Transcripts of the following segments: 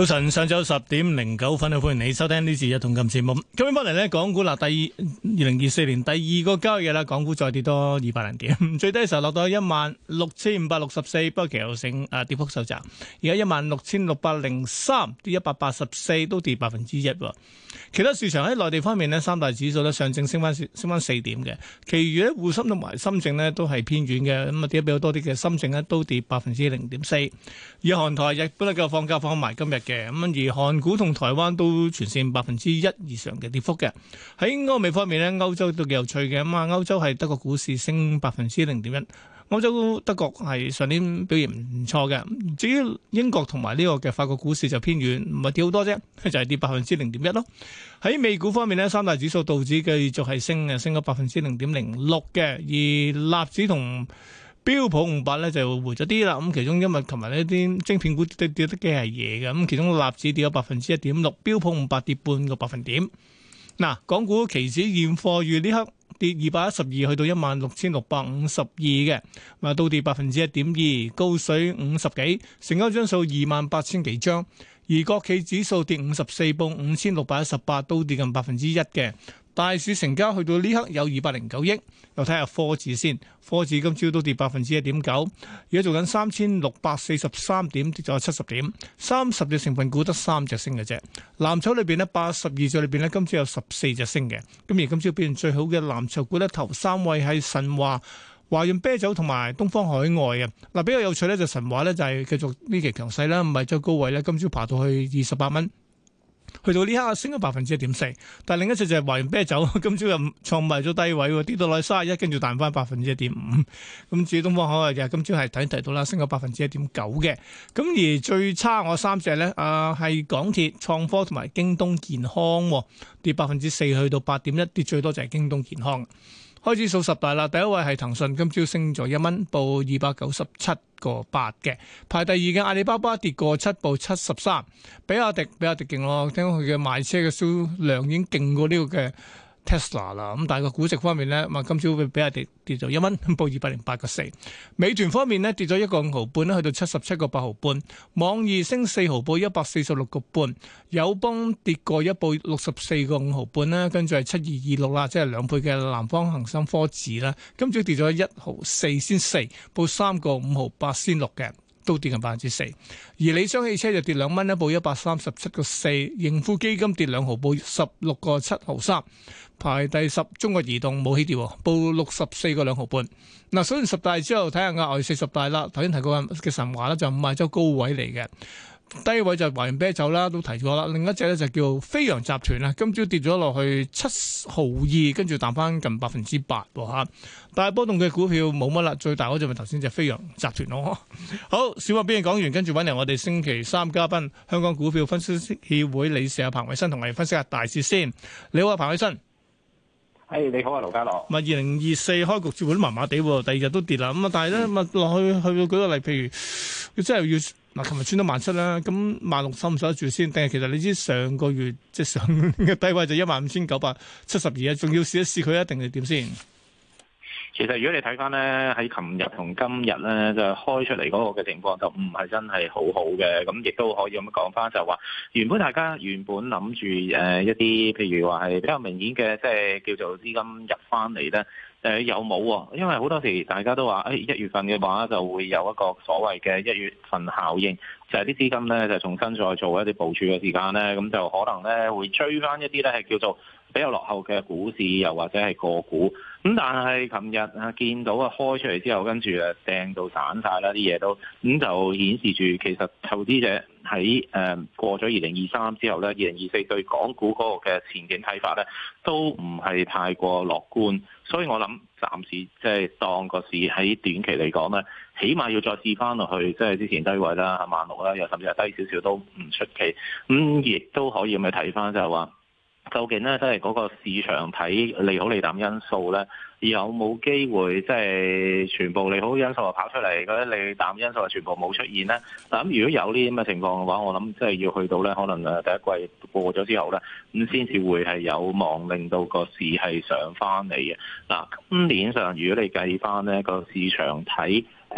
早晨，上晝十點零九分，歡迎你收聽《呢 e 一同今》節目。今日翻嚟呢港股啦，第二二零二四年，第二個交易日啦，港股再跌多二百零點，最低嘅時候落到一萬六千五百六十四，不過其後升，誒，跌幅收窄，而家一萬六千六百零三，跌一百八十四，都跌百分之一。其他市場喺內地方面呢，三大指數呢上證升翻升翻四點嘅，其餘呢，滬深同埋深證呢都係偏軟嘅，咁、嗯、啊跌得比較多啲嘅。深證呢都跌百分之零點四。而韓台日本呢，夠放假放埋今日。嘅咁而韓股同台灣都全線百分之一以上嘅跌幅嘅喺歐美方面咧，歐洲都幾有趣嘅咁啊，歐洲係德國股市升百分之零點一，歐洲德國係上年表現唔錯嘅，至於英國同埋呢個嘅法國股市就偏軟唔係跌好多啫，就係、是、跌百分之零點一咯。喺美股方面咧，三大指數道指繼續係升嘅，升咗百分之零點零六嘅，而納指同標普五百咧就回咗啲啦，咁其中因為琴日呢啲晶片股跌跌得幾係嘢嘅，咁其中納指跌咗百分之一點六，標普五百跌半個百分點。嗱、啊，港股期指現貨月呢刻跌二百一十二，去到一萬六千六百五十二嘅，啊，都跌百分之一點二，高水五十幾，成交張數二萬八千幾張，而國企指數跌五十四，報五千六百一十八，都跌近百分之一嘅。大市成交去到呢刻有二百零九億，又睇下科指先，科指今朝都跌百分之一點九，而家做緊三千六百四十三點，跌咗七十點，三十隻成分股得三隻升嘅啫。藍籌裏邊呢，八十二隻裏邊呢，今朝有十四隻升嘅，咁而今朝表現最好嘅藍籌股呢，頭三位係神話、華潤啤酒同埋東方海外嘅。嗱，比較有趣呢就神話呢，就係繼續呢期強勢啦，唔係最高位呢，今朝爬到去二十八蚊。去到呢刻升咗百分之一點四，但係另一隻就係華潤啤酒，今朝又創埋咗低位，跌到落去三十一，跟住彈翻百分之一點五。咁至於東方海外嘅，今朝係睇提到啦，升咗百分之一點九嘅。咁而最差我三隻咧，啊係港鐵、創科同埋京東健康跌百分之四，去到八點一，跌最多就係京東健康。開始數十大啦，第一位係騰訊，今朝升咗一蚊，報二百九十七個八嘅，排第二嘅阿里巴巴跌過七，報七十三，比亞迪比亞迪勁咯，聽講佢嘅賣車嘅銷量已經勁過呢個嘅。Tesla 啦，咁但係個股值方面咧，話今朝會俾人哋跌咗一蚊，報二百零八個四。美團方面咧跌咗一個五毫半咧，去到七十七個八毫半。網易升四毫，報一百四十六個半。友邦跌過一報，六十四個五毫半咧，跟住係七二二六啦，即係兩倍嘅南方恒生科指啦，今朝跌咗一毫四先四，報三個五毫八先六嘅。都跌近百分之四，而理想汽車就跌兩蚊一部，一百三十七個四；盈富基金跌兩毫，報十六個七毫三，排第十。中國移動冇起跌，報六十四個兩毫半。嗱、啊，數完十大之後睇下額外四十大啦。頭先提過嘅神話啦，就係、五日周高位嚟嘅。低位就係華潤啤酒啦，都提過啦。另一隻咧就叫飛揚集團啦，今朝跌咗落去七毫二，跟住彈翻近百分之八吓。大波動嘅股票冇乜啦，最大嗰隻咪頭先隻飛揚集團咯。好，小話邊講完，跟住揾嚟我哋星期三嘉賓香港股票分析協會理事阿彭偉新同我哋分析下大市先。你好啊，彭偉新。誒、hey,，你好啊，盧家樂。咪二零二四開局做嘢都麻麻地，第二日都跌啦。咁啊，但係咧，落、嗯、去去到舉個例，譬如真係要。嗱，琴日穿到萬七啦，咁萬六收唔收得住先，定係其實你知上個月即係上嘅低位就一萬五千九百七十二啊，仲要試一試佢一定係點先？其實如果你睇翻咧，喺琴日同今日咧就係就開出嚟嗰個嘅情況，就唔係真係好好嘅，咁亦都可以咁樣講翻就係話，原本大家原本諗住誒一啲譬如話係比較明顯嘅，即係叫做資金入翻嚟咧。誒有冇啊？因為好多時大家都話，誒一月份嘅話就會有一個所謂嘅一月份效應，就係啲資金咧就重新再做一啲部署嘅時間咧，咁就可能咧會追翻一啲咧係叫做比較落後嘅股市，又或者係個股。咁但係尋日啊見到啊開出嚟之後，跟住啊掟到散晒啦啲嘢都，咁就顯示住其實投資者，喺誒過咗二零二三之後咧，二零二四對港股嗰個嘅前景睇法咧，都唔係太過樂觀，所以我諗暫時即係、就是、當個市喺短期嚟講咧，起碼要再試翻落去，即係之前低位啦，係萬六啦，又甚至係低少少都唔出奇，咁、嗯、亦都可以咁樣睇翻就係話。究竟咧，即係嗰個市場睇利好利淡因素咧，有冇機會即係全部利好因素啊跑出嚟，嗰啲利淡因素啊全部冇出現咧？嗱，咁如果有呢咁嘅情況嘅話，我諗即係要去到咧，可能誒第一季過咗之後咧，咁先至會係有望令到個市係上翻嚟嘅。嗱，今年上如果你計翻咧個市場睇誒，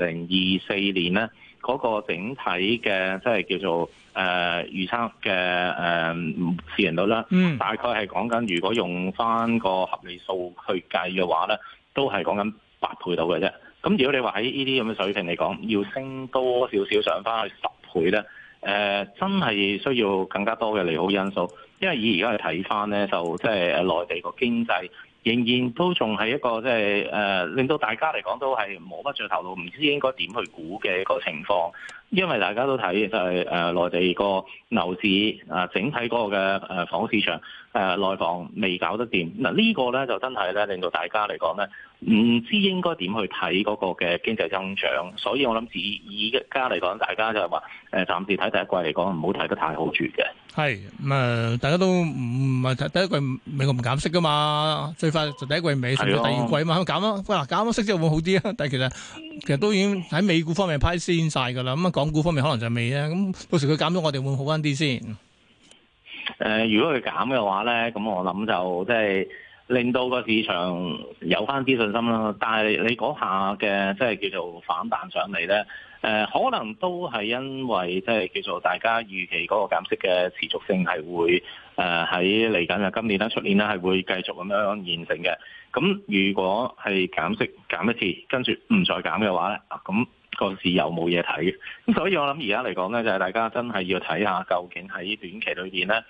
二零二四年咧。嗰、那個整體嘅即係叫做誒、呃、預測嘅誒市盈率咧、嗯，大概係講緊如果用翻個合理數去計嘅話咧，都係講緊八倍到嘅啫。咁如果你話喺呢啲咁嘅水平嚟講，要升多少少上翻去十倍咧，誒、呃、真係需要更加多嘅利好因素，因為以而家去睇翻咧，就即係內地個經濟，仍然都仲係一個即係誒，令到大家嚟講都係冇乜着頭腦，唔知應該點去估嘅一個情況，因為大家都睇就係誒內地個樓市、呃、整體嗰個嘅房市場誒內房未搞得掂，嗱呢個咧就真係咧令到大家嚟講咧，唔知應該點去睇嗰個嘅經濟增長，所以我諗以而家嚟講，大家就係話誒暫時睇第一季嚟講，唔好睇得太好住嘅。係誒、嗯，大家都唔係係第一季美國唔減息噶嘛，最快就第一季尾，甚至第二季嘛減咯，嗱減咗息之後會好啲啊！但係其實其實都已經喺美股方面派息晒噶啦，咁啊港股方面可能就未啊，咁到時佢減咗我哋會好翻啲先。誒、呃，如果佢減嘅話咧，咁我諗就即係、就是、令到個市場有翻啲信心啦，但係你嗰下嘅即係叫做反彈上嚟咧。誒可能都係因為即係叫做大家預期嗰個減息嘅持續性係會誒喺嚟緊嘅今年啦、出年啦係會繼續咁樣完成嘅。咁如果係減息減一次，跟住唔再減嘅話咧，咁個市又冇嘢睇嘅。咁所以我諗而家嚟講咧，就係大家真係要睇下究竟喺短期裏面咧，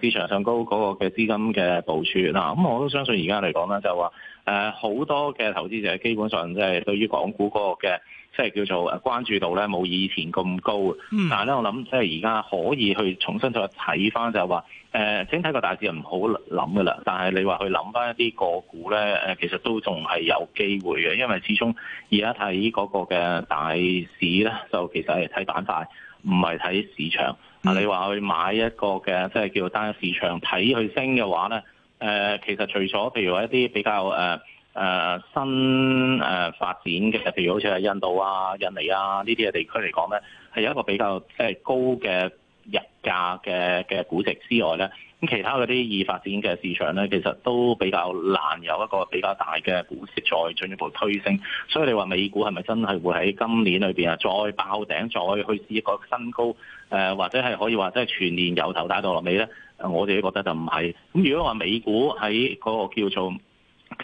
市場上高嗰個嘅資金嘅部署。嗱。咁我都相信而家嚟講咧，就話誒好多嘅投資者基本上即係對於港股嗰個嘅。即係叫做誒關注度咧冇以前咁高，嗯，但係咧我諗即係而家可以去重新再睇翻就係話誒整體個大市唔好諗噶啦，但係你話去諗翻一啲個股咧誒、呃，其實都仲係有機會嘅，因為始終而家睇嗰個嘅大市咧，就其實係睇板塊，唔係睇市場。嗱、嗯啊，你話去買一個嘅即係叫做單一市場睇佢升嘅話咧，誒、呃、其實除咗譬如話一啲比較誒。呃誒新誒發展嘅，譬如好似喺印度啊、印尼啊呢啲嘅地區嚟講咧，係有一個比較即係高嘅日價嘅嘅估值之外咧，咁其他嗰啲已發展嘅市場咧，其實都比較難有一個比較大嘅股市再進一步推升。所以你話美股係咪真係會喺今年裏邊啊，再爆頂再去試一個新高？誒、呃，或者係可以話即係全年由頭打到落尾咧？我自己覺得就唔係。咁如果話美股喺嗰個叫做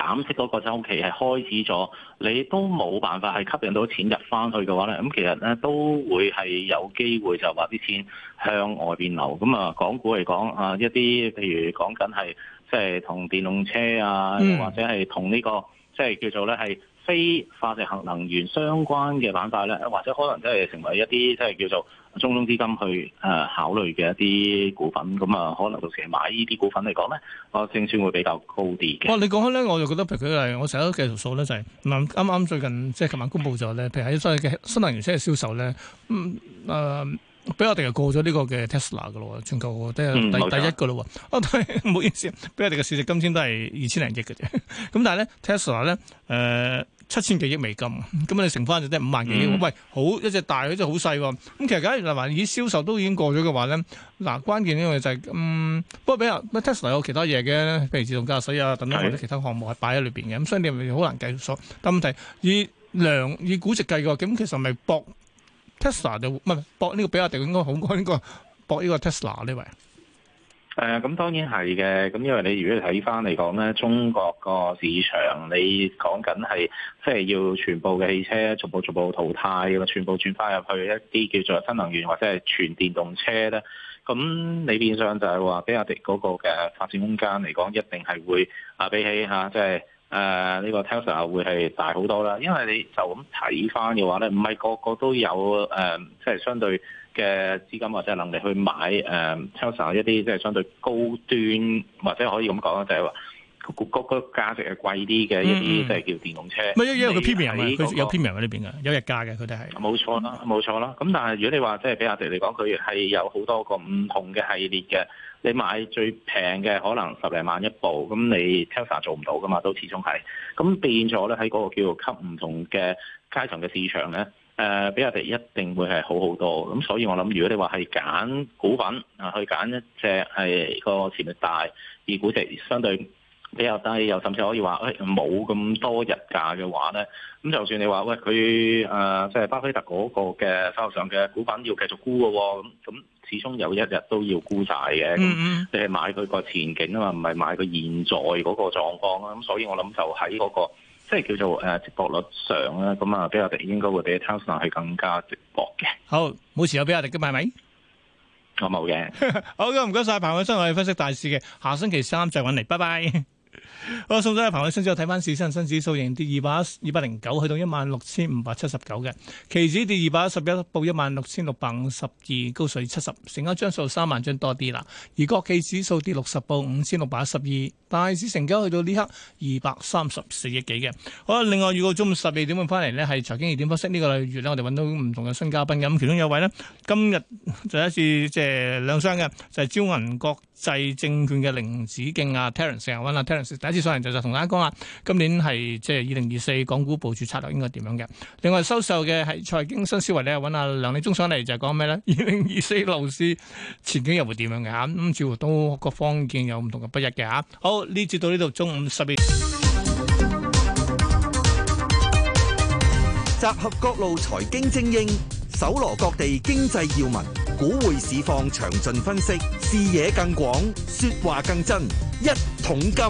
減息嗰個周期係開始咗，你都冇辦法係吸引到錢入翻去嘅話咧，咁其實咧都會係有機會就話啲錢向外邊流。咁啊，港股嚟講啊，一啲譬如講緊係即係同電動車啊，或者係同呢個即係叫做咧係非化石核能源相關嘅板塊咧，或者可能即係成為一啲即係叫做。中東資金去誒、呃、考慮嘅一啲股份，咁啊可能到時買呢啲股份嚟講咧，我勝算會比較高啲嘅。哇！你講開咧，我就覺得譬如佢係我成日都計條數咧，就係啱啱最近即係琴晚公布咗咧，譬如喺新嘅新能源車嘅銷售咧，咁、嗯、誒，比、呃、我哋係過咗呢個嘅 Tesla 嘅咯喎，全球即係第、嗯、第，第一個咯喎，啊對，唔好意思，比我哋嘅市值今天都係二千零億嘅啫，咁但係咧 Tesla 咧誒。呃七千幾億美金，咁你乘翻就得係五萬幾億。嗯、喂，好一隻大，一隻好細。咁其實假如嗱埋以銷售都已經過咗嘅話咧，嗱關鍵咧就係、是，嗯，不過比較 Tesla 有其他嘢嘅，譬如自動駕駛啊等等或者其他項目係擺喺裏邊嘅，咁所以你咪好難計數。但問題以量以估值計嘅話，咁其實咪博 Tesla 就唔係博呢個比亞迪應該好過應該博呢個 Tesla 呢位。誒、嗯、咁當然係嘅，咁因為你如果睇翻嚟講咧，中國個市場你講緊係即係要全部嘅汽車逐步逐步淘汰嘅，全部轉翻入去一啲叫做新能源或者係全電動車咧，咁你變相就係話俾我迪嗰個嘅發展空間嚟講，一定係會啊比起嚇即係誒呢個 Tesla 會係大好多啦，因為你就咁睇翻嘅話咧，唔係個個都有誒，即、呃、係、就是、相對。嘅資金或者能力去買誒、嗯、Tesla 一啲即係相對高端或者可以咁講就係話嗰個價值係貴啲嘅一啲即係叫電動車。唔因為佢 P.M. 啊嘛，嗯那個嗯嗯那個、有 P.M. 喺呢邊嘅，有日價嘅佢哋係。冇錯啦，冇錯啦。咁但係如果你話即係比亞迪嚟講，佢係有好多個唔同嘅系列嘅，你買最平嘅可能十零萬一部，咁你 Tesla 做唔到噶嘛，都始終係。咁變咗咧，喺嗰個叫做吸唔同嘅階層嘅市場咧。誒、呃，比亞迪一定會係好好多，咁所以我諗，如果你話係揀股份啊，去揀一隻係、哎這個潛力大、而估值相對比較低，又甚至可以話誒冇咁多日價嘅話咧，咁就算你話喂佢誒即係巴菲特嗰個嘅修上嘅股份要繼續沽嘅喎、哦，咁咁始終有一日都要沽晒嘅，你係買佢個前景啊嘛，唔係買佢現在嗰個狀況啊，咁所以我諗就喺嗰、那個。即係叫做誒，直播率上啦，咁啊，比我哋應該會比 Tesla 係更加直播嘅。好，冇事又比我哋叫埋名，我冇嘅。 好嘅，唔該晒彭偉新，我哋分析大市嘅，下星期三再揾你，拜拜。好，送咗俾朋友先，之後睇翻市場，恒生指數仍跌，二百二百零九，去到一萬六千五百七十九嘅，期指跌二百一十一，報一萬六千六百五十二，高水七十，數 60, 5, 612, 成交張數三萬張多啲啦。而國企指數跌六十，報五千六百一十二，大市成交去到呢刻二百三十四億幾嘅。好，另外預告中午十二點會翻嚟呢，係財經熱點分析呢個月呢，我哋揾到唔同嘅新嘉賓嘅，咁其中有位呢，今日再一次即係兩商嘅，就係、是、招銀國際證券嘅凌子敬啊 Terence，歡迎啊 Terence。第一次上嚟就就同大家講下，今年係即係二零二四港股部署策略應該點樣嘅？另外收售嘅係財經新思維咧，揾阿梁利忠上嚟就係講咩咧？二零二四樓市前景又會點樣嘅吓？咁似乎都各方見有唔同嘅不一嘅吓。好呢節到呢度中午十二，集合各路財經精英，搜羅各地經濟要聞。股匯市況詳盡分析，視野更廣，說話更真。一桶金，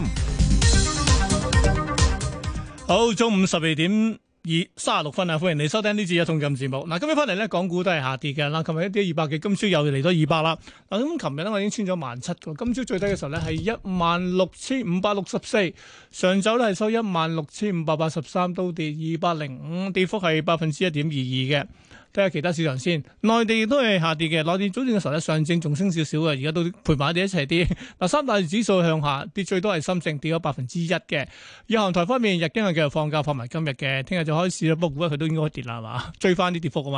好，中午十二點二三十六分啊，歡迎你收聽呢次一桶金節目。嗱，今日翻嚟咧，港股都係下跌嘅啦。琴日一跌二百嘅，今朝又嚟多二百啦。嗱，咁琴日咧，我已經穿咗萬七嘅。今朝最低嘅時候咧，係一萬六千五百六十四，上晝咧係收一萬六千五百八十三，都跌二百零五，跌幅係百分之一點二二嘅。睇下其他市場先，內地都係下跌嘅。內地早段嘅時候，咧上證仲升少少嘅，而家都陪埋啲一齊跌。嗱，三大指數向下，跌最多係深證，跌咗百分之一嘅。日韓台方面，日經係繼續放假，放埋今日嘅，聽日就開始啦。不過估佢都應該跌啦，係嘛？追翻啲跌幅啊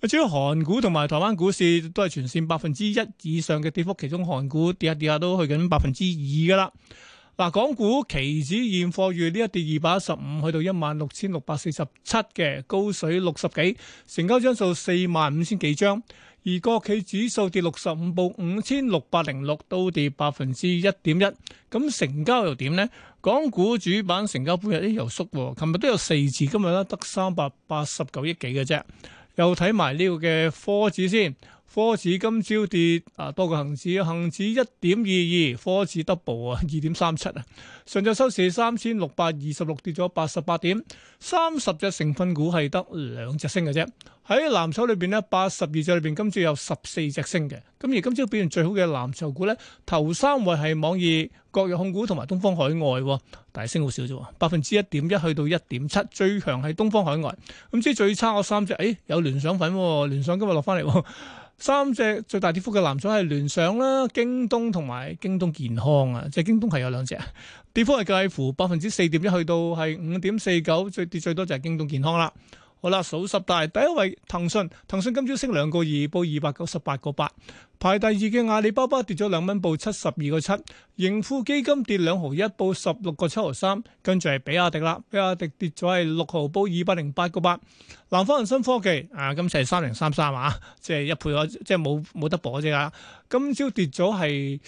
嘛。主要韓股同埋台灣股市都係全線百分之一以上嘅跌幅，其中韓股跌下跌下都去緊百分之二噶啦。嗱，港股期指現貨月呢一跌二百一十五，去到一萬六千六百四十七嘅高水六十幾，成交張數四萬五千幾張。而國企指數跌六十五，報五千六百零六，都跌百分之一點一。咁成交又點呢？港股主板成交半日呢又縮，琴日都有四字，今日咧得三百八十九億幾嘅啫。又睇埋呢個嘅科指先。科指今朝跌啊，多過恒指，恒指一點二二，科指 double 啊，二點三七啊。上晝收市三千六百二十六，跌咗八十八點，三十隻成分股係得兩隻升嘅啫。喺藍籌裏邊呢，八十二隻裏邊，今朝有十四隻升嘅。咁而今朝表現最好嘅藍籌股呢，頭三位係網易、國藥控股同埋東方海外，但係升好少啫，百分之一點一去到一點七。最強係東方海外，咁之最差嗰三隻，誒、哎、有聯想粉，聯想今日落翻嚟。三隻最大跌幅嘅藍籌係聯想啦、京東同埋京東健康啊，即係京東係有兩隻跌幅係介乎百分之四點一去到係五點四九，最跌最多就係京東健康啦。好啦，數十大，第一位騰訊，騰訊今朝升兩個二，報二百九十八個八。排第二嘅阿里巴巴跌咗兩蚊，報七十二個七。盈富基金跌兩毫一，報十六個七毫三。跟住係比亞迪啦，比亞迪跌咗係六毫，報二百零八個八。南方恒生科技啊，今次係三零三三啊，即係一倍咗，即係冇冇得博啫啊。今朝跌咗係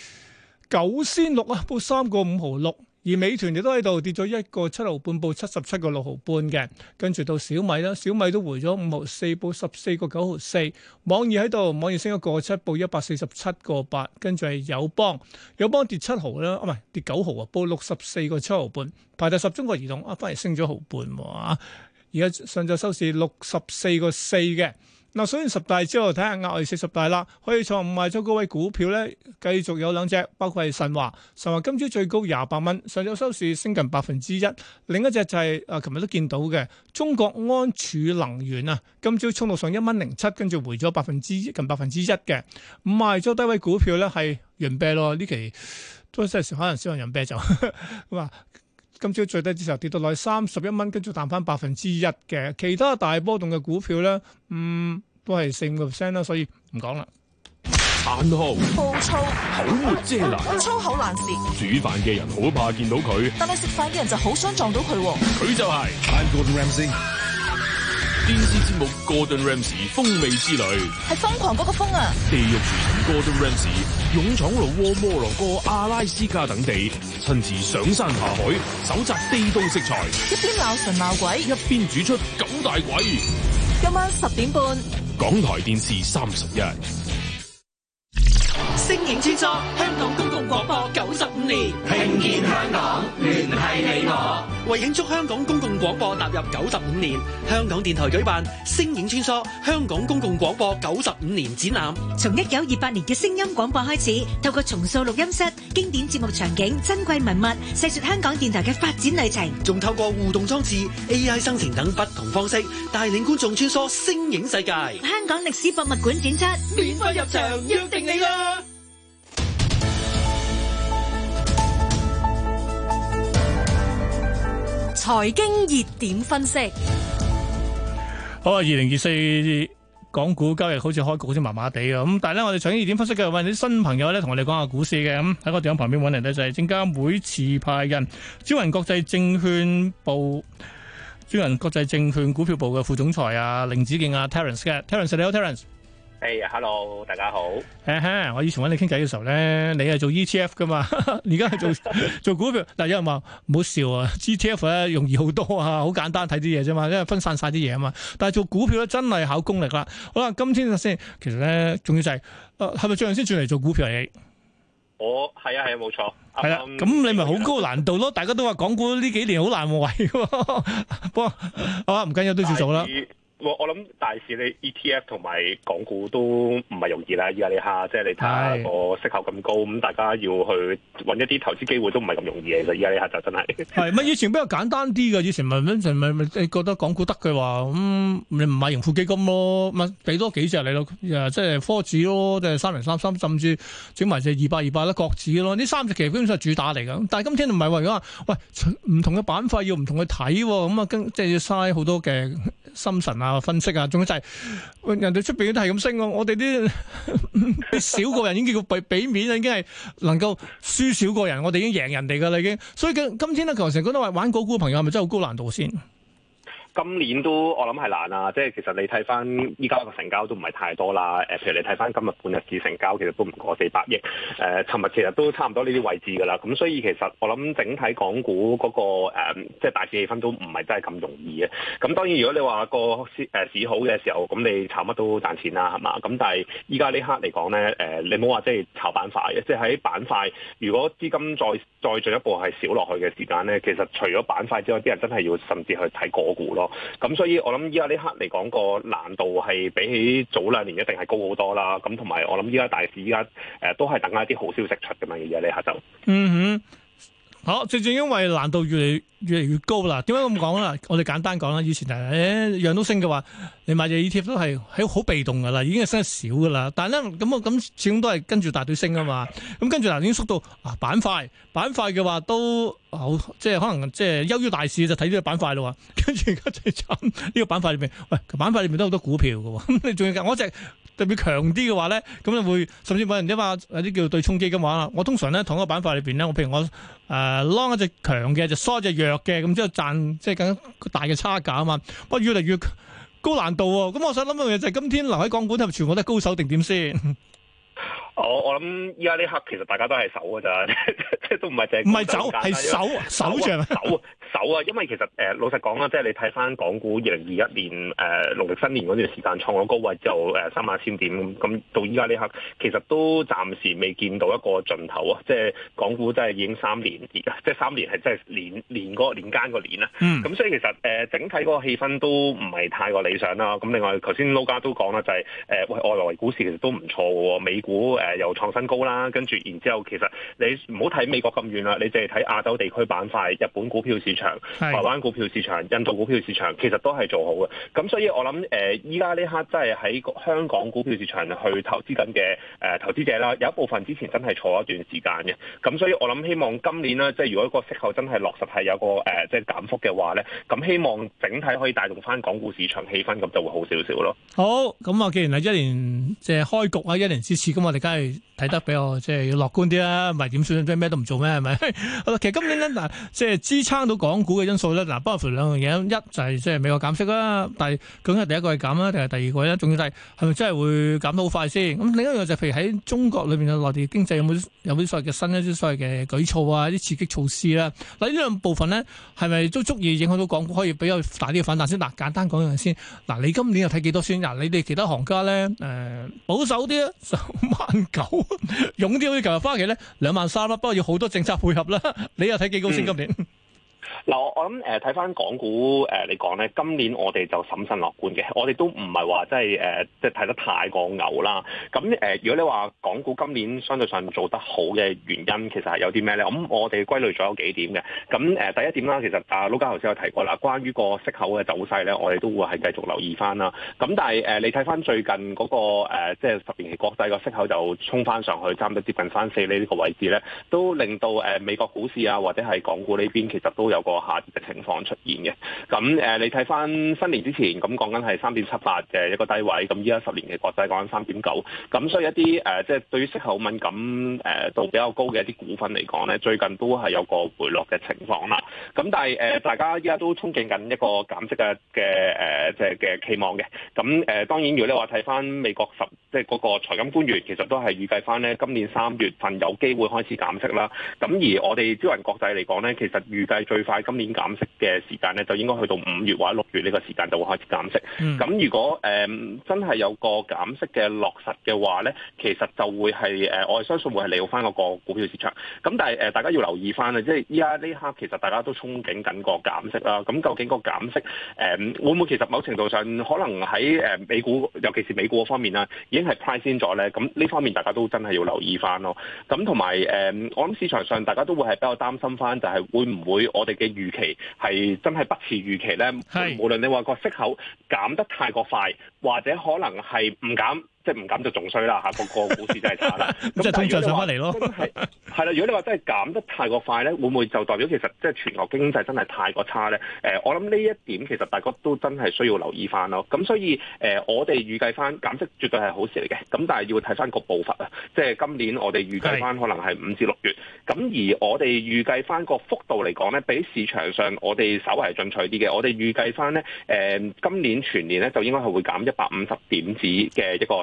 九仙六啊，報三個五毫六。而美團亦都喺度跌咗一個七毫半，報七十七個六毫半嘅，跟住到小米啦，小米都回咗五毫四，報十四個九毫四，網易喺度，網易升一個七，報一百四十七個八，跟住係友邦，友邦跌七毫啦，唔係跌九毫啊，報六十四個七毫半。排第十中國移動啊，返嚟升咗毫半喎，而家上晝收市六十四個四嘅。嗱，所以十大之後睇下額外四十大啦，可以創五十周高位股票咧，繼續有兩隻，包括係神華。神華今朝最高廿八蚊，上週收市升近百分之一。另一隻就係、是、啊，琴日都見到嘅中國安儲能源啊，今朝衝到上一蚊零七，跟住回咗百分之一，近百分之一嘅。創五十周低位股票咧，係潤啤咯，呢期都真係可能少人飲啤就咁啊。呵呵今朝最低嘅時候跌到落去三十一蚊，跟住彈翻百分之一嘅，其他大波動嘅股票咧，嗯，都係四五個 percent 啦，所以唔講啦。殘酷暴躁，口沒遮攔，粗口難事。煮飯嘅人好怕見到佢，但係食飯嘅人就好想撞到佢喎、啊。佢就係、是。電視節目 Gordon Ramsay 風味之旅，係瘋狂嗰個瘋啊！地獄廚神《Gordon Ramsay 勇闖老撾、摩洛哥、阿拉斯加等地，親自上山下海，搜集地道食材，一邊鬧神鬧鬼，一邊煮出九大鬼。今晚十點半，港台電視三十一，聲影穿梭香港公共廣播九十五年，聽見香港，聯繫你我。為慶祝香港公共廣播踏入九十五年，香港電台舉辦《聲影穿梭香港公共廣播九十五年展覽》，從一九二八年嘅聲音廣播開始，透過重塑錄音室、經典節目場景、珍貴文物，細說香港電台嘅發展旅程；仲透過互動裝置、AI 生成等不同方式，帶領觀眾穿梭聲影世界。香港歷史博物館展出，免費入場，約定你啦！財經熱點分析，好啊！二零二四港股交易好似開局好似麻麻地嘅，咁但係咧，我哋財經熱點分析嘅或啲新朋友咧，同我哋講下股市嘅咁喺個電話旁邊揾嚟咧，就係證監會持牌嘅招銀國際證券部、招銀國際證券股票部嘅副總裁啊，凌子敬啊，Terence 嘅，Terence，你好，Terence。Hey, hello, 大家好。Uh-huh, 我以前搵你傾偈嘅時候呢，你係做 ETF 噶嘛？而家係做 做股票。嗱，有人話唔好笑啊，ETF 咧容易好多啊，好簡單睇啲嘢啫嘛，因為分散晒啲嘢啊嘛。但係做股票咧真係考功力啦。好啦，今天先，其實呢，仲要就係，係咪最後先轉嚟做股票嚟？我係啊，係啊，冇錯。係啦、啊，咁你咪好高難度咯？ 大家都話港股呢幾年好難為 不 不 好難為。不過，好 啊，唔緊要，都要做啦。我我諗大市你 ETF 同埋港股都唔係容易啦。依家你下即係你睇下個息口咁高，咁大家要去揾一啲投資機會都唔係咁容易嘅。依家你下就真係係咪以前比較簡單啲嘅？以前咪乜就咪、是、咪， 你覺得港股得嘅話，咁、嗯、你唔買盈富基金咯，咪俾多幾隻你咯，即係科指咯，即係三零三三，甚至轉埋隻二八二八啦，國指咯，呢三隻其實基本上係主打嚟嘅。但係今天唔係話喂，唔同嘅板塊要唔同去睇，咁啊，即係要嘥好多嘅心神啊！啊、分析啊，總之就係、是、人哋出邊都係咁升、啊，我哋啲少個人已經叫俾俾面，已經係能夠輸少個人，我哋已經贏人哋噶啦已經，所以今今天咧，求成覺得話玩港股嘅朋友係咪真係好高難度先？今年都我諗係難啦，即係其實你睇翻依家個成交都唔係太多啦。誒，譬如你睇翻今日半日市成交，其實都唔過四百億。誒、呃，尋日其實都差唔多呢啲位置㗎啦。咁所以其實我諗整體港股嗰、那個即係、呃就是、大市氣氛都唔係真係咁容易嘅。咁當然如果你話個市、呃、市好嘅時候，咁你炒乜都賺錢啦，係嘛？咁但係依家呢刻嚟講咧，你唔好話即係炒板塊嘅，即係喺板塊如果資金再再進一步係少落去嘅時間咧，其實除咗板塊之外，啲人真係要甚至去睇個股咯。咁所以，我諗依家呢刻嚟講，個難度係比起早兩年一定係高好多啦。咁同埋，我諗，依家大市依家誒都係等一啲好消息出嘅嘛。而家呢刻就，嗯哼。好，正正因為難度越嚟越嚟越高啦。點解咁講啦？我哋簡單講啦。以前就誒樣都升嘅話，你買隻 ETF 都係喺好被動嘅啦，已經係升得少嘅啦。但係咧咁我咁始終都係跟住大隊升啊嘛。咁跟住嗱，已經縮到啊板塊板塊嘅話都、啊、即係可能即係優於大市就睇呢個板塊咯。跟住而家最慘呢、呢個板塊裏邊，喂板塊裏邊都好多股票嘅喎。你仲要我隻特別強啲嘅話咧，咁就會甚至有人啲話有啲叫做對沖基金話啦。我通常咧同一個板塊裏邊咧，我譬如我。誒、uh，long 一隻強嘅就 short 隻弱嘅，咁之後賺，即係咁大嘅差價啊嘛，不過越嚟越高難度喎。咁我想諗嘅嘢就係，今天留喺港股，係咪全部都係高手定點先？我我諗依家呢刻其實大家都係手㗎咋。即都唔係隻，唔係走係守啊，守住啊，守啊！因為其實誒、呃、老實講啦，即係你睇翻港股二零二一年誒、呃、農曆新年嗰段時間創咗高位就誒、呃、三萬千點咁，咁到依家呢刻其實都暫時未見到一個盡頭啊！即係港股真係已經三年，即係三年係真係年年嗰年間個年啦。咁、嗯、所以其實誒、呃、整體嗰個氣氛都唔係太過理想啦。咁另外頭先撈家都講啦，就係誒喂，外來股市其實都唔錯喎，美股誒、呃、又創新高啦，跟住然之後其實你唔好睇。美國咁遠啦，你淨係睇亞洲地區板塊、日本股票市場、台灣股票市場、印度股票市場，其實都係做好嘅。咁所以我諗誒，依家呢刻真係喺香港股票市場去投資緊嘅、呃、投資者啦，有一部分之前真係坐一段時間嘅。咁所以我諗希望今年呢，即如果個息口真係落實係有個、呃、即係減幅嘅話呢，咁希望整體可以帶動翻港股市場氣氛，咁就會好少少咯。好，咁啊，既然係一年即係開局啊，一年之始，咁我哋梗係睇得比較即係要樂觀啲啦，唔係點算即係咩都做咩係咪？好啦，其實今年咧嗱，即係支撐到港股嘅因素咧，嗱，包括兩樣嘢，一就係即係美國減息啦，但係究竟，第一個係減啦，定係第二個咧，仲要就係係咪真係會減得好快先？咁另一樣就係譬如喺中國裏面嘅內地經濟有冇有冇啲所謂嘅新一啲所謂嘅舉措啊，啲刺激措施啦？嗱，呢兩部分咧，係咪都足以影響到港股可以比較大啲嘅反彈先？嗱，簡單講樣先。嗱，你今年又睇幾多先？嗱，你哋其他行家咧，誒，保守啲啊，萬九， 勇啲好似琴日翻屋企咧，兩萬三啦，不過要好多政策配合啦，你又睇幾高先今年？嗯嗱，我我諗睇翻港股誒嚟講咧，今年我哋就審慎樂觀嘅，我哋都唔係話真係誒即係睇得太過牛啦。咁誒，如果你話港股今年相對上做得好嘅原因，其實係有啲咩咧？咁我哋歸類咗有幾點嘅。咁誒第一點啦，其實阿盧家豪先有提過啦，關於個息口嘅走勢咧，我哋都會係繼續留意翻啦。咁但係誒，你睇翻最近嗰個誒即係十年期國債個息口就衝翻上去，差唔多接近翻四厘呢個位置咧，都令到誒美國股市啊或者係港股呢邊其實都有個個下跌嘅情況出現嘅。咁誒，你睇翻新年之前，咁講緊係三點七八嘅一個低位，咁依家十年嘅國債講緊三點九，咁所以一啲誒、即、呃、係、就是、對於息口敏感誒，度比較高嘅一啲股份嚟講咧，最近都係有個回落嘅情況啦。咁但係誒、呃，大家依家都憧憬緊一個減息嘅嘅誒嘅嘅期望嘅。咁誒、呃，當然如果你話睇翻美國十，即係嗰個財金官員，其實都係預計翻咧今年三月份有機會開始減息啦。咁而我哋招銀國際嚟講咧，其實預計最快。今年減息嘅時間咧，就應該去到五月或者六月呢個時間就會開始減息。咁、mm. 如果誒、嗯、真係有個減息嘅落實嘅話咧，其實就會係我相信會係利好翻嗰個股票市場。咁但係、呃、大家要留意翻啦，即係依家呢刻其實大家都憧憬緊個減息啦、啊、咁究竟個減息誒、嗯、會唔會其實某程度上可能喺美股，尤其是美股方面啊，已經係 price in 咗咧。咁呢方面大家都真係要留意翻咯。咁同埋誒，我諗市場上大家都會係比較擔心翻，就係會唔會我哋嘅。預期係真係不似預期咧，無論你話個息口減得太過快，或者可能係唔減。即係唔減就仲衰啦嚇，個股市 真係差啦。咁即係通脹上翻嚟咯，係啦。如果你話真係減得太過快咧，會唔會就代表其實即係全球經濟真係太過差咧、呃？我諗呢一點其實大家都真係需要留意翻咯。咁所以、呃、我哋預計翻減息絕對係好事嚟嘅。咁但係要睇翻個步伐啊。即係今年我哋預計翻可能係五至六月。咁而我哋預計翻個幅度嚟講咧，比市場上我哋稍為進取啲嘅。我哋預計翻咧、呃、今年全年咧就應該係會減一百五十點子嘅一個。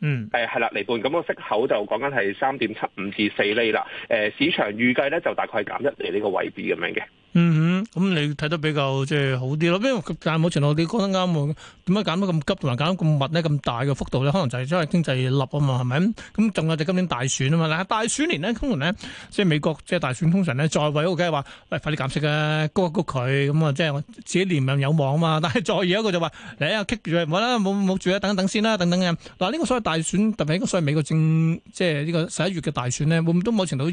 嗯，誒係啦，離半咁個息口就講緊係三點七五至四厘啦。誒，市場預計咧就大概減一厘呢個位 B 咁樣嘅。嗯哼，咁、嗯、你睇得比較即係好啲咯。因為急減冇錯，你講得啱喎。點解減得咁急同埋減得咁密呢？咁大嘅幅度咧，可能就係因為經濟立啊嘛，係咪？咁仲有就今年大選啊嘛。嗱，大選年呢，通常咧，即係美國即係大選通常咧再位，我梗係話喂，快啲減息啊，谷一谷佢咁啊，即係自己年命有望啊嘛。但係再而一個就話你啊，棘住唔好啦，冇冇住啊，等等先啦，等等嘅。嗱，呢、啊這個所謂大選特別係個所謂美國政，即係呢個十一月嘅大選咧，會唔會都某程度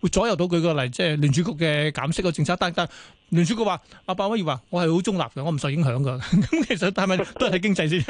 會左右到佢個嚟即係聯儲局嘅減息個政策，但係聯儲局話阿鮑威爾話我係好中立嘅，我唔受影響㗎。咁 其實但係咪都係睇經濟先？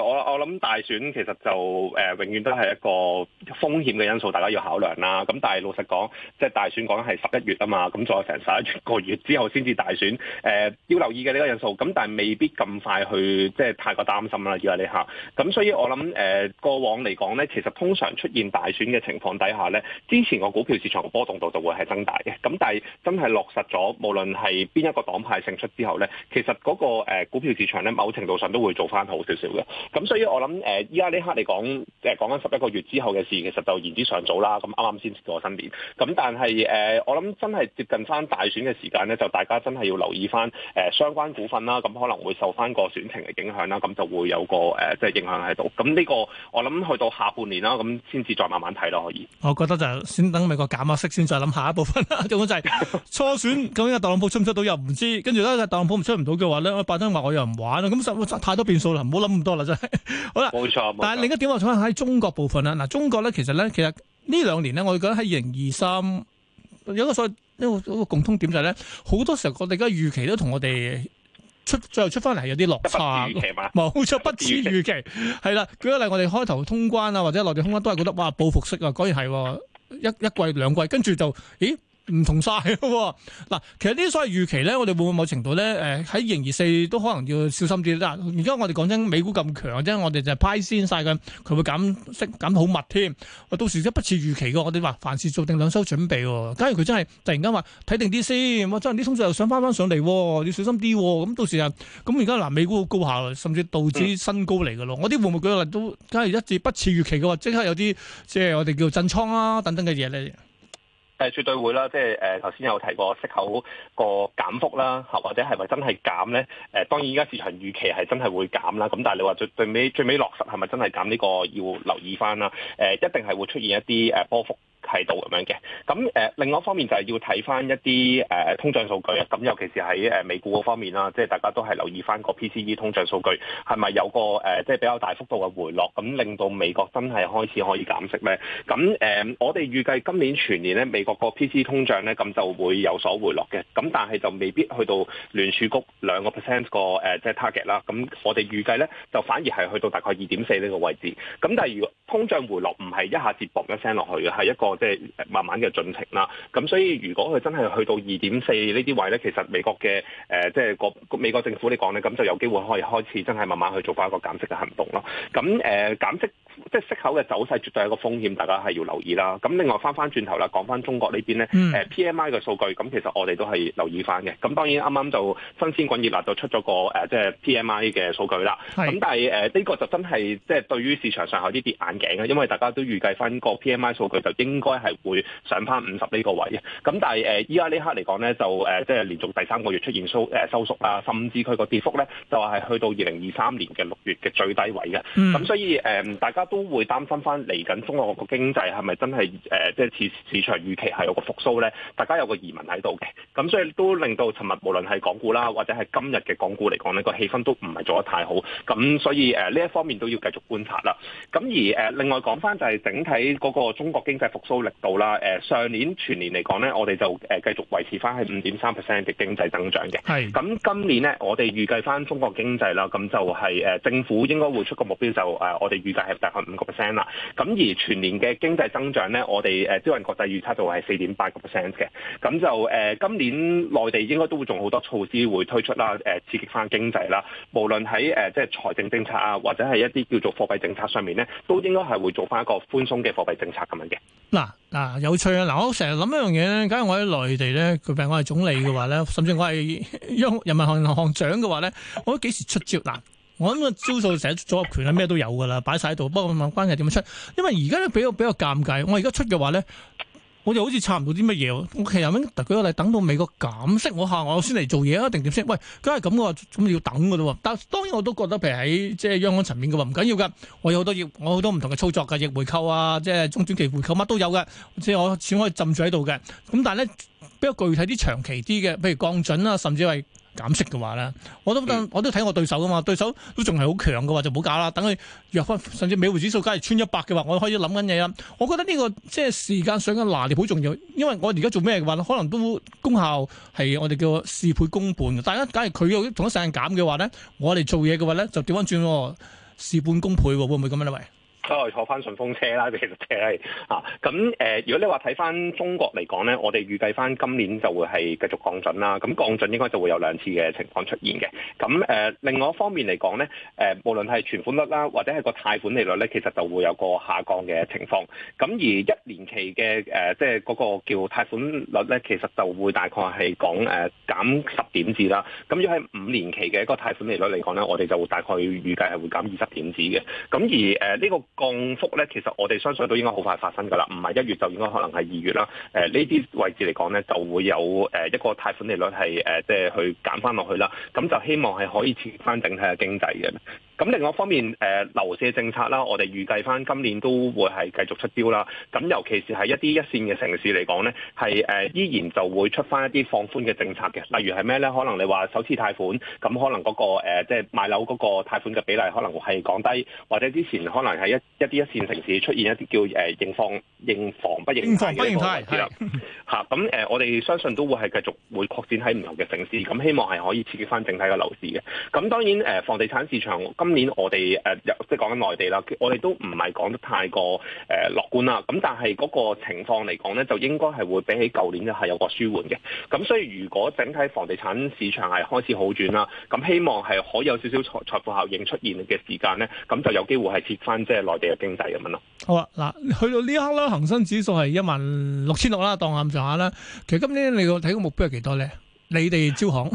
我我諗大選其實就、呃、永遠都係一個風險嘅因素，大家要考量啦。咁但係老實講，即係大選講緊係十一月啊嘛，咁仲有成十一月個月之後先至大選。誒、呃、要留意嘅呢個因素，咁但係未必咁快去即係太過擔心啦，以為你下咁，所以我諗誒、呃、過往嚟講呢，其實通常出現大選嘅情況底下呢，之前個股票市場波動度就會係增大嘅。咁但係真係落實咗，無論係邊一個黨派勝出之後呢，其實嗰、那個、呃、股票市場呢，某程度上都會做返好少少嘅。咁所以我想，我諗誒，依家呢刻嚟、呃、講誒講緊十一個月之後嘅事，其實就言之尚早啦。咁啱啱先過新年，咁但係誒、呃，我諗真係接近翻大選嘅時間咧，就大家真係要留意翻誒、呃、相關股份啦。咁可能會受翻個選情嘅影響啦，咁就會有個誒即係影響喺度。咁呢、這個我諗去到下半年啦，咁先至再慢慢睇咯。可以，我覺得就先等美國減吓息先，再諗下一部分啦。總之係初選究竟個特朗普出唔出到又唔知。跟住咧，特朗普唔出唔到嘅話咧，拜登話我又唔玩啦。咁實太多變數啦，唔好諗咁多啦。 好啦，冇錯。但係另外一點我想喺中國部分啦，嗱，中國咧其實咧，其實呢兩年咧，我哋覺得喺二零二三有個所謂一個共通點就係、是、咧，好多時候我哋而家預期都同我哋出最後出翻嚟，有啲落差，預期嘛冇錯，不似預期係啦。舉個例， 我哋開頭通關啊，或者內地通關都係覺得哇，報復式啊，果然係一一季兩季，跟住就咦。唔同晒咯，嗱，其實呢啲所謂預期咧，我哋會唔會某程度咧，誒喺二零二四都可能要小心啲啦。而家我哋講真，美股咁強即係，我哋就係派先晒嘅，佢會減息減好密添。到時一不似預期嘅，我哋話凡事做定兩手準備。假如佢真係突然間話睇定啲先，哇！真係啲通脹又想翻翻上嚟，要小心啲。咁到時啊，咁而家嗱，美股好高下，甚至道指新高嚟嘅咯。我啲會唔會舉例都？假如一至不似預期嘅話，即刻有啲即係我哋叫做震倉啦等等嘅嘢咧？誒絕對會啦，即係誒頭先有提過息口個減幅啦，嚇或者係咪真係減咧？誒當然而家市場預期係真係會減啦，咁但係你話最最尾最尾落實係咪真係減呢，呢個要留意返啦？誒一定係會出現一啲誒波幅。係到咁樣嘅，咁誒另外一方面就係要睇翻一啲誒通脹數據啊，咁尤其是喺誒美股嗰方面啦，即係大家都係留意翻個 PCE 通脹數據係咪有個誒即係比較大幅度嘅回落，咁令到美國真係開始可以減息咧？咁誒我哋預計今年全年咧美國個 PCE 通脹咧咁就會有所回落嘅，咁但係就未必去到聯儲局兩個 percent 個誒即係 target 啦。咁我哋預計咧就反而係去到大概二點四呢個位置。咁但係如果通脹回落唔係一下接嘣一聲落去嘅，係一個。即係慢慢嘅進程啦，咁所以如果佢真係去到二點四呢啲位咧，其實美國嘅誒即係個美國政府嚟講咧，咁就有機會可以開始真係慢慢去做翻一個減息嘅行動咯。咁誒減息即係息口嘅走勢，絕對係一個風險，大家係要留意啦。咁另外翻翻轉頭啦，講翻中國呢邊咧，誒 P M I 嘅數據，咁其實我哋都係留意翻嘅。咁當然啱啱就新鮮滾熱辣就出咗個誒即係 P M I 嘅數據啦。咁但係誒呢個就真係即係對於市場上有啲跌眼鏡啊，因為大家都預計翻個 P M I 數據就應應該係會上翻五十呢個位嘅，咁但係誒依家呢刻嚟講咧，就誒即係連續第三個月出現收誒收縮啊，甚至佢個跌幅咧就話、係、係去到二零二三年嘅六月嘅最低位嘅。咁、嗯、所以誒、呃、大家都會擔心翻嚟緊中國個經濟係咪真係誒即係市市場預期係有個復甦咧？大家有個疑問喺度嘅，咁所以都令到尋日無論係港股啦，或者係今日嘅港股嚟講，呢、那個氣氛都唔係做得太好。咁所以誒呢、呃、一方面都要繼續觀察啦。咁而誒、呃、另外講翻就係整體嗰個中國經濟復甦。高力度啦，誒上年全年嚟講咧，我哋就誒繼續維持翻係五點三 percent 嘅經濟增長嘅。係，咁今年咧，我哋預計翻中國經濟啦，咁就係誒政府應該會出個目標，就誒我哋預計係大概五個 percent 啦。咁而全年嘅經濟增長咧，我哋誒招銀國際預測就係四點八個 percent 嘅。咁就誒今年內地應該都會仲好多措施會推出啦，誒刺激翻經濟啦。無論喺誒即係財政政策啊，或者係一啲叫做貨幣政策上面咧，都應該係會做翻一個寬鬆嘅貨幣政策咁樣嘅。嗱。嗱、啊，有趣啊！嗱，我成日諗一樣嘢咧，假如我喺內地咧，譬如我係總理嘅話咧，甚至我係人民銀行行長嘅話咧，我幾時出招？嗱、啊，我諗個招數成咗組合拳啦，咩都有噶啦，擺晒喺度，不過問關係點樣出？因為而家都比較比較尷尬，我而家出嘅話咧。我哋好似差唔多啲乜嘢喎，其實咁，特舉個例，等到美國減息，我下我先嚟做嘢啊，定點先？喂，咁係咁嘅，咁要等嘅咯喎。但當然我都覺得，譬如喺即係央行層面嘅話，唔緊要㗎。我有好多嘢，我好多唔同嘅操作嘅逆回購啊，即係中短期回購乜都有嘅，即係我先可以浸住喺度嘅。咁但係咧比較具體啲長期啲嘅，譬如降準啊，甚至係。減息嘅話咧，我都我都睇我對手噶嘛、嗯，對手都仲係好強嘅話就唔好搞啦。等佢弱翻，甚至美匯指數梗係穿一百嘅話，我可以諗緊嘢啦。我覺得呢個即係時間上嘅拿捏好重要，因為我而家做咩嘅話，可能都功效係我哋叫事倍功半嘅。但係假如佢有同一時間減嘅話咧，我哋做嘢嘅話咧就調翻轉喎，事半功倍喎，會唔會咁樣咧？喂？都係坐翻順風車啦，其實即係咁，如果你話睇翻中國嚟講咧，我哋預計翻今年就會係繼續降準啦。咁降準應該就會有兩次嘅情況出現嘅。咁、呃、另外一方面嚟講咧，誒、呃、無論係存款率啦，或者係個貸款利率咧，其實就會有個下降嘅情況。咁而一年期嘅，即係嗰個叫貸款率咧，其實就會大概係講誒減十點子啦。咁如果係五年期嘅一個貸款利率嚟講咧，我哋就會大概預計係會減二十點子嘅。咁而呢、呃呢個。降幅咧，其實我哋相信都應該好快發生㗎啦，唔係一月就應該可能係二月啦。呃、呢啲位置嚟講咧，就會有、呃、一個貸款利率係、呃、即係去減翻落去啦。咁就希望係可以刺激翻整體嘅經濟嘅。咁另外一方面，誒、呃、樓市嘅政策啦，我哋預計翻今年都會係繼續出招啦。咁尤其是係一啲一線嘅城市嚟講咧，係、呃、依然就會出翻一啲放寬嘅政策嘅。例如係咩咧？可能你話首次貸款，咁可能嗰、嗰個即係、呃即係、買樓嗰個貸款嘅比例，可能係降低，或者之前可能係一一啲一線城市出現一啲叫誒認放認房不認貸嘅嗰，咁我哋、啊、相信都會係繼續會擴展喺唔同嘅城市。咁希望係可以刺激翻整體嘅樓市嘅。咁當然、呃、房地產市場今今年我哋誒，即係講緊內地啦，我哋都唔係講得太過誒樂觀啦。咁但係嗰個情況嚟講咧，就應該係會比起舊年係有個舒緩嘅。咁所以如果整體房地產市場係開始好轉啦，咁希望係可以有少少財財富效應出現嘅時間咧，咁就有機會係切翻即係內地嘅經濟咁樣咯。好啊，嗱，去到呢一刻啦，恒生指數係一萬六千六啦，咁上咁下啦。其實今年你個睇個目標係幾多咧？你哋招行。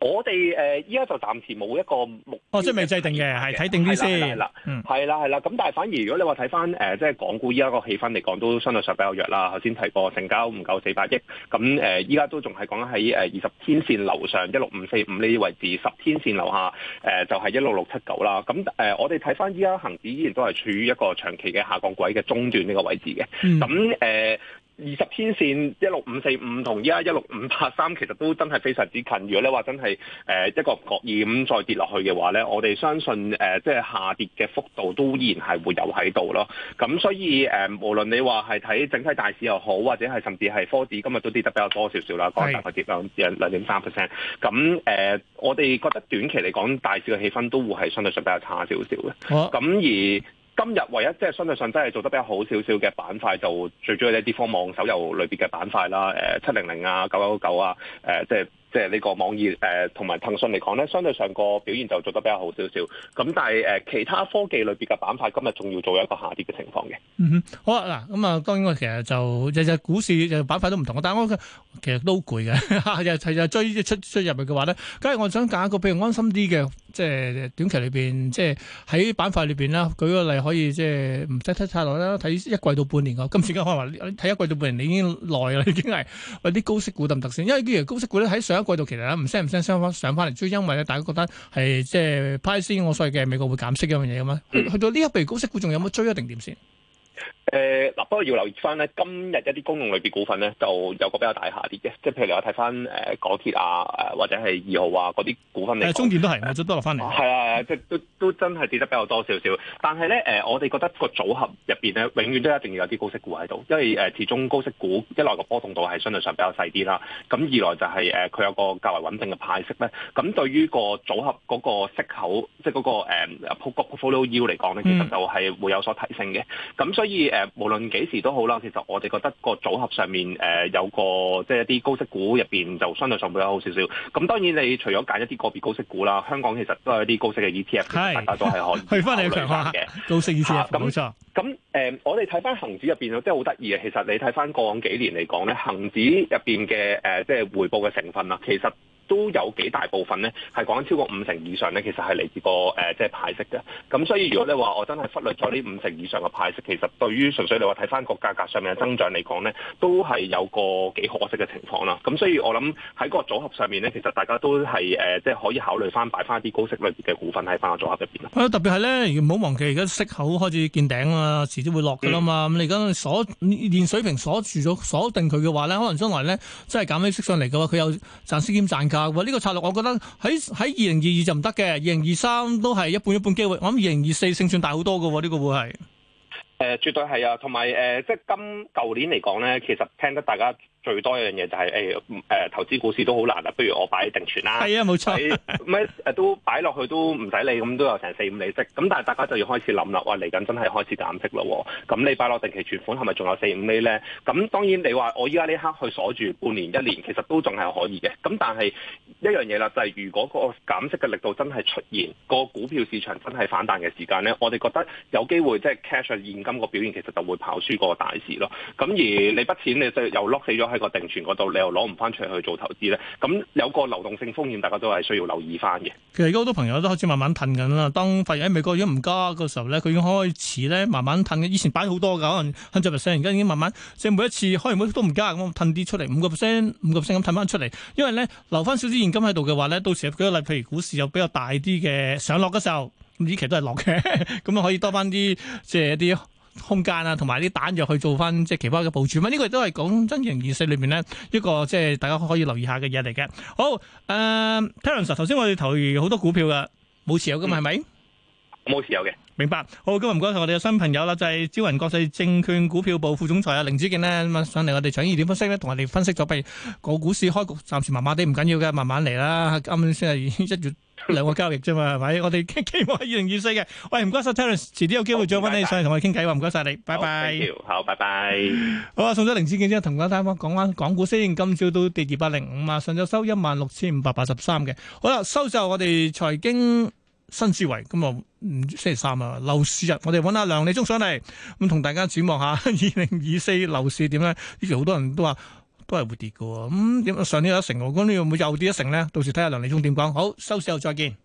我哋誒依家就暫時冇一個目標哦，即係未制定嘅，係睇定啲先。係啦，係啦，係啦，咁、嗯、但係反而如果你話睇翻即係港股依家個氣氛嚟講，都相對上比較弱啦。頭先提過成交唔夠四百億，咁誒依家都仲係講緊喺誒二十天線樓上一六五四五呢啲位置，十天線樓下誒、呃、就係一六六七九啦。咁誒、呃、我哋睇翻依家恒指依然都係處於一個長期嘅下降軌嘅中段呢個位置嘅。咁、嗯、誒。二十天線一六五四五同依家一六五八三，其實都真係非常之近。如果你話真係誒、呃、一個唔覺意咁再跌落去嘅話咧，我哋相信誒、呃、即係下跌嘅幅度都依然係會有喺度咯。咁所以誒、呃，無論你話係睇整體大市又好，或者係甚至係科指今日都跌得比較多少少啦，講大概跌兩兩兩點三 percent。咁誒、呃，我哋覺得短期嚟講，大市嘅氣氛都會係相對上比較差少少嘅。咁而今日唯一即係、就是、相對上真係做得比較好少少嘅板塊，就最中意一啲方網手遊類別嘅板塊啦。誒、呃，七零零啊，九九九啊，誒、呃，即係。即係呢個網易誒，同埋騰訊嚟講咧，相對上個表現就做得比較好少少。咁但係誒、呃，其他科技類別嘅板塊今日仲要做一個下跌嘅情況嘅、嗯。好啊嗱，咁、嗯、啊，當然我其實就日日股市日日板塊都唔同，但係我其實都攰嘅，日日追出出入去嘅話咧，梗係我想揀一個比如安心啲嘅，即、就、係、是、短期裏邊，即係喺板塊裏邊啦。舉個例，可以即係唔使睇太耐啦，睇一季到半年，今次可能話睇一季到半年你已經耐啦，已經係，喂，啲高息股抌唔抌先？因為啲高息股咧喺上季度其實咧唔升唔升，上翻上翻嚟，追。因為咧大家覺得係即係派息我所謂嘅美國會減息嘅樣嘢咁啊，去到呢一倍高息股仲有冇追一定點先？誒、嗯、嗱，不過要留意翻咧，今日一啲公用類別股份咧，就有個比較大下跌嘅，即係譬如我睇翻誒港鐵啊，誒或者係二號啊嗰啲股份嚟。中電、呃、都係，咪就多落翻嚟。係啊。即係都都真係跌得比較多少少，但係咧誒，我哋覺得個組合入邊咧，永遠都一定要有啲高息股喺度，因為誒、呃、始終高息股一來個波動度係相對上比較細啲啦，咁二來就係誒佢有個較為穩定嘅派息咧，咁對於個組合嗰個息口，即係嗰個誒 portfolio 嚟講咧，其實就係會有所提升嘅。咁所以誒、呃，無論幾時都好啦，其實我哋覺得個組合上面誒、呃、有個即係、就是、一啲高息股入邊就相對上比較有好少少。咁當然，你除咗揀一啲個別高息股啦，香港其實都係一啲高息嘅 ETF，大家都係可以去翻你嘅強下嘅，都成事啦，冇錯。咁、啊、誒、呃，我哋睇翻恒指入邊啊，真係好得意啊！其實你睇翻過往幾年嚟講咧，恒指入邊嘅誒，即、呃、係、就是、回報嘅成分啊，其實。都有幾大部分咧，係講超過五成以上咧，其實係嚟自個誒、呃、即係派息嘅。咁所以如果你話我真係忽略咗呢五成以上嘅派息，其實對於純粹你話睇翻個價格上面嘅增長嚟講咧，都係有個幾可惜嘅情況啦。咁所以我諗喺個組合上面咧，其實大家都係誒、呃、即係可以考慮翻擺翻啲高息類嘅股份喺翻個組合入邊。特別係咧，唔好忘記而家息口開始見頂啊，遲啲會落㗎嘛。咁、嗯、你而家鎖連水平鎖住咗鎖定佢嘅話咧，可能將來咧真係減起息，息上嚟嘅話，佢有賺息兼賺金。呢、個策略，我覺得喺喺二零二二就唔得嘅，二零二三都係一半一半機會。我諗二零二四勝算大好多嘅喎，呢、個會係誒、呃，絕對係啊！同埋誒，即係今舊年嚟講咧，其實聽得大家。最多一樣嘢就係、係、誒、誒、投資股市都好難啦，不如我擺定存啦。係啊，冇錯，咩 都擺落去都唔使理，咁都有成四五厘息。咁但係大家就要開始諗啦，哇嚟緊真係開始減息咯。咁你擺落定期存款係咪仲有四五厘咧？咁當然你話我依家呢刻去鎖住半年一年，其實都仲係可以嘅。咁但係一樣嘢啦，就係、係、如果個減息嘅力度真係出現，個股票市場真係反彈嘅時間咧，我哋覺得有機會即係 cash 現金個表現其實就會跑輸個大市咯。咁而你筆錢你就又 lock 死咗。喺個定存嗰度，你又攞唔翻出去做投資咧？咁有個流動性風險，大家都係需要留意翻嘅。其實而家好多朋友都開始慢慢褪緊啦。當發現喺美國已經唔加嘅時候咧，佢已經開始咧慢慢褪。以前擺好多噶，千幾 percent，而家已經慢慢即係每一次開完會都唔加，咁褪啲出嚟，五個 percent，五個 percent 咁褪翻出嚟。因為咧留翻少少現金喺度嘅話咧，到時啊舉個例，譬如股市有比較大啲嘅上落嘅時候，短期都係落嘅，咁 啊可以多翻啲即係啲。借一空間啊，同埋啲彈藥去做翻即係其他嘅部署。呢、呢個都係講真型意識裏面咧，一個即係大家可以留意下嘅嘢嚟嘅。好，誒，Terence 頭先我哋投好多股票噶，冇持有噶嘛係咪？冇、嗯、持有嘅。明白，好，今日唔該晒我哋嘅新朋友啦，就係、是、招銀國際證券股票部副總裁啊，凌子敬呢，咁啊上嚟我哋財經熱點呢分析咧，同我哋分析咗，譬如個股市開局暫時麻麻地唔緊要嘅，慢慢嚟啦，啱先係一月兩個交易啫嘛，係 咪？我哋期望二零二四嘅，喂，唔該晒 Terence，遲啲有機會再揾你上嚟同我哋傾偈話，唔該晒你，拜拜。好，拜拜。好啊，送咗凌子敬先，同大家講翻港股先，今朝都跌二百零五啊，上晝收一萬六千五百八十三嘅。好啦，收售我哋財經。新思維咁啊，星期三啊，樓市日，我哋揾阿梁利忠上嚟，咁同大家展望下二零二四樓市點咧？呢期好多人都話都係會跌嘅咁點？上年有，有一成，我估你要唔會又跌一成咧？到時睇下梁利忠點講。好，收市後再見。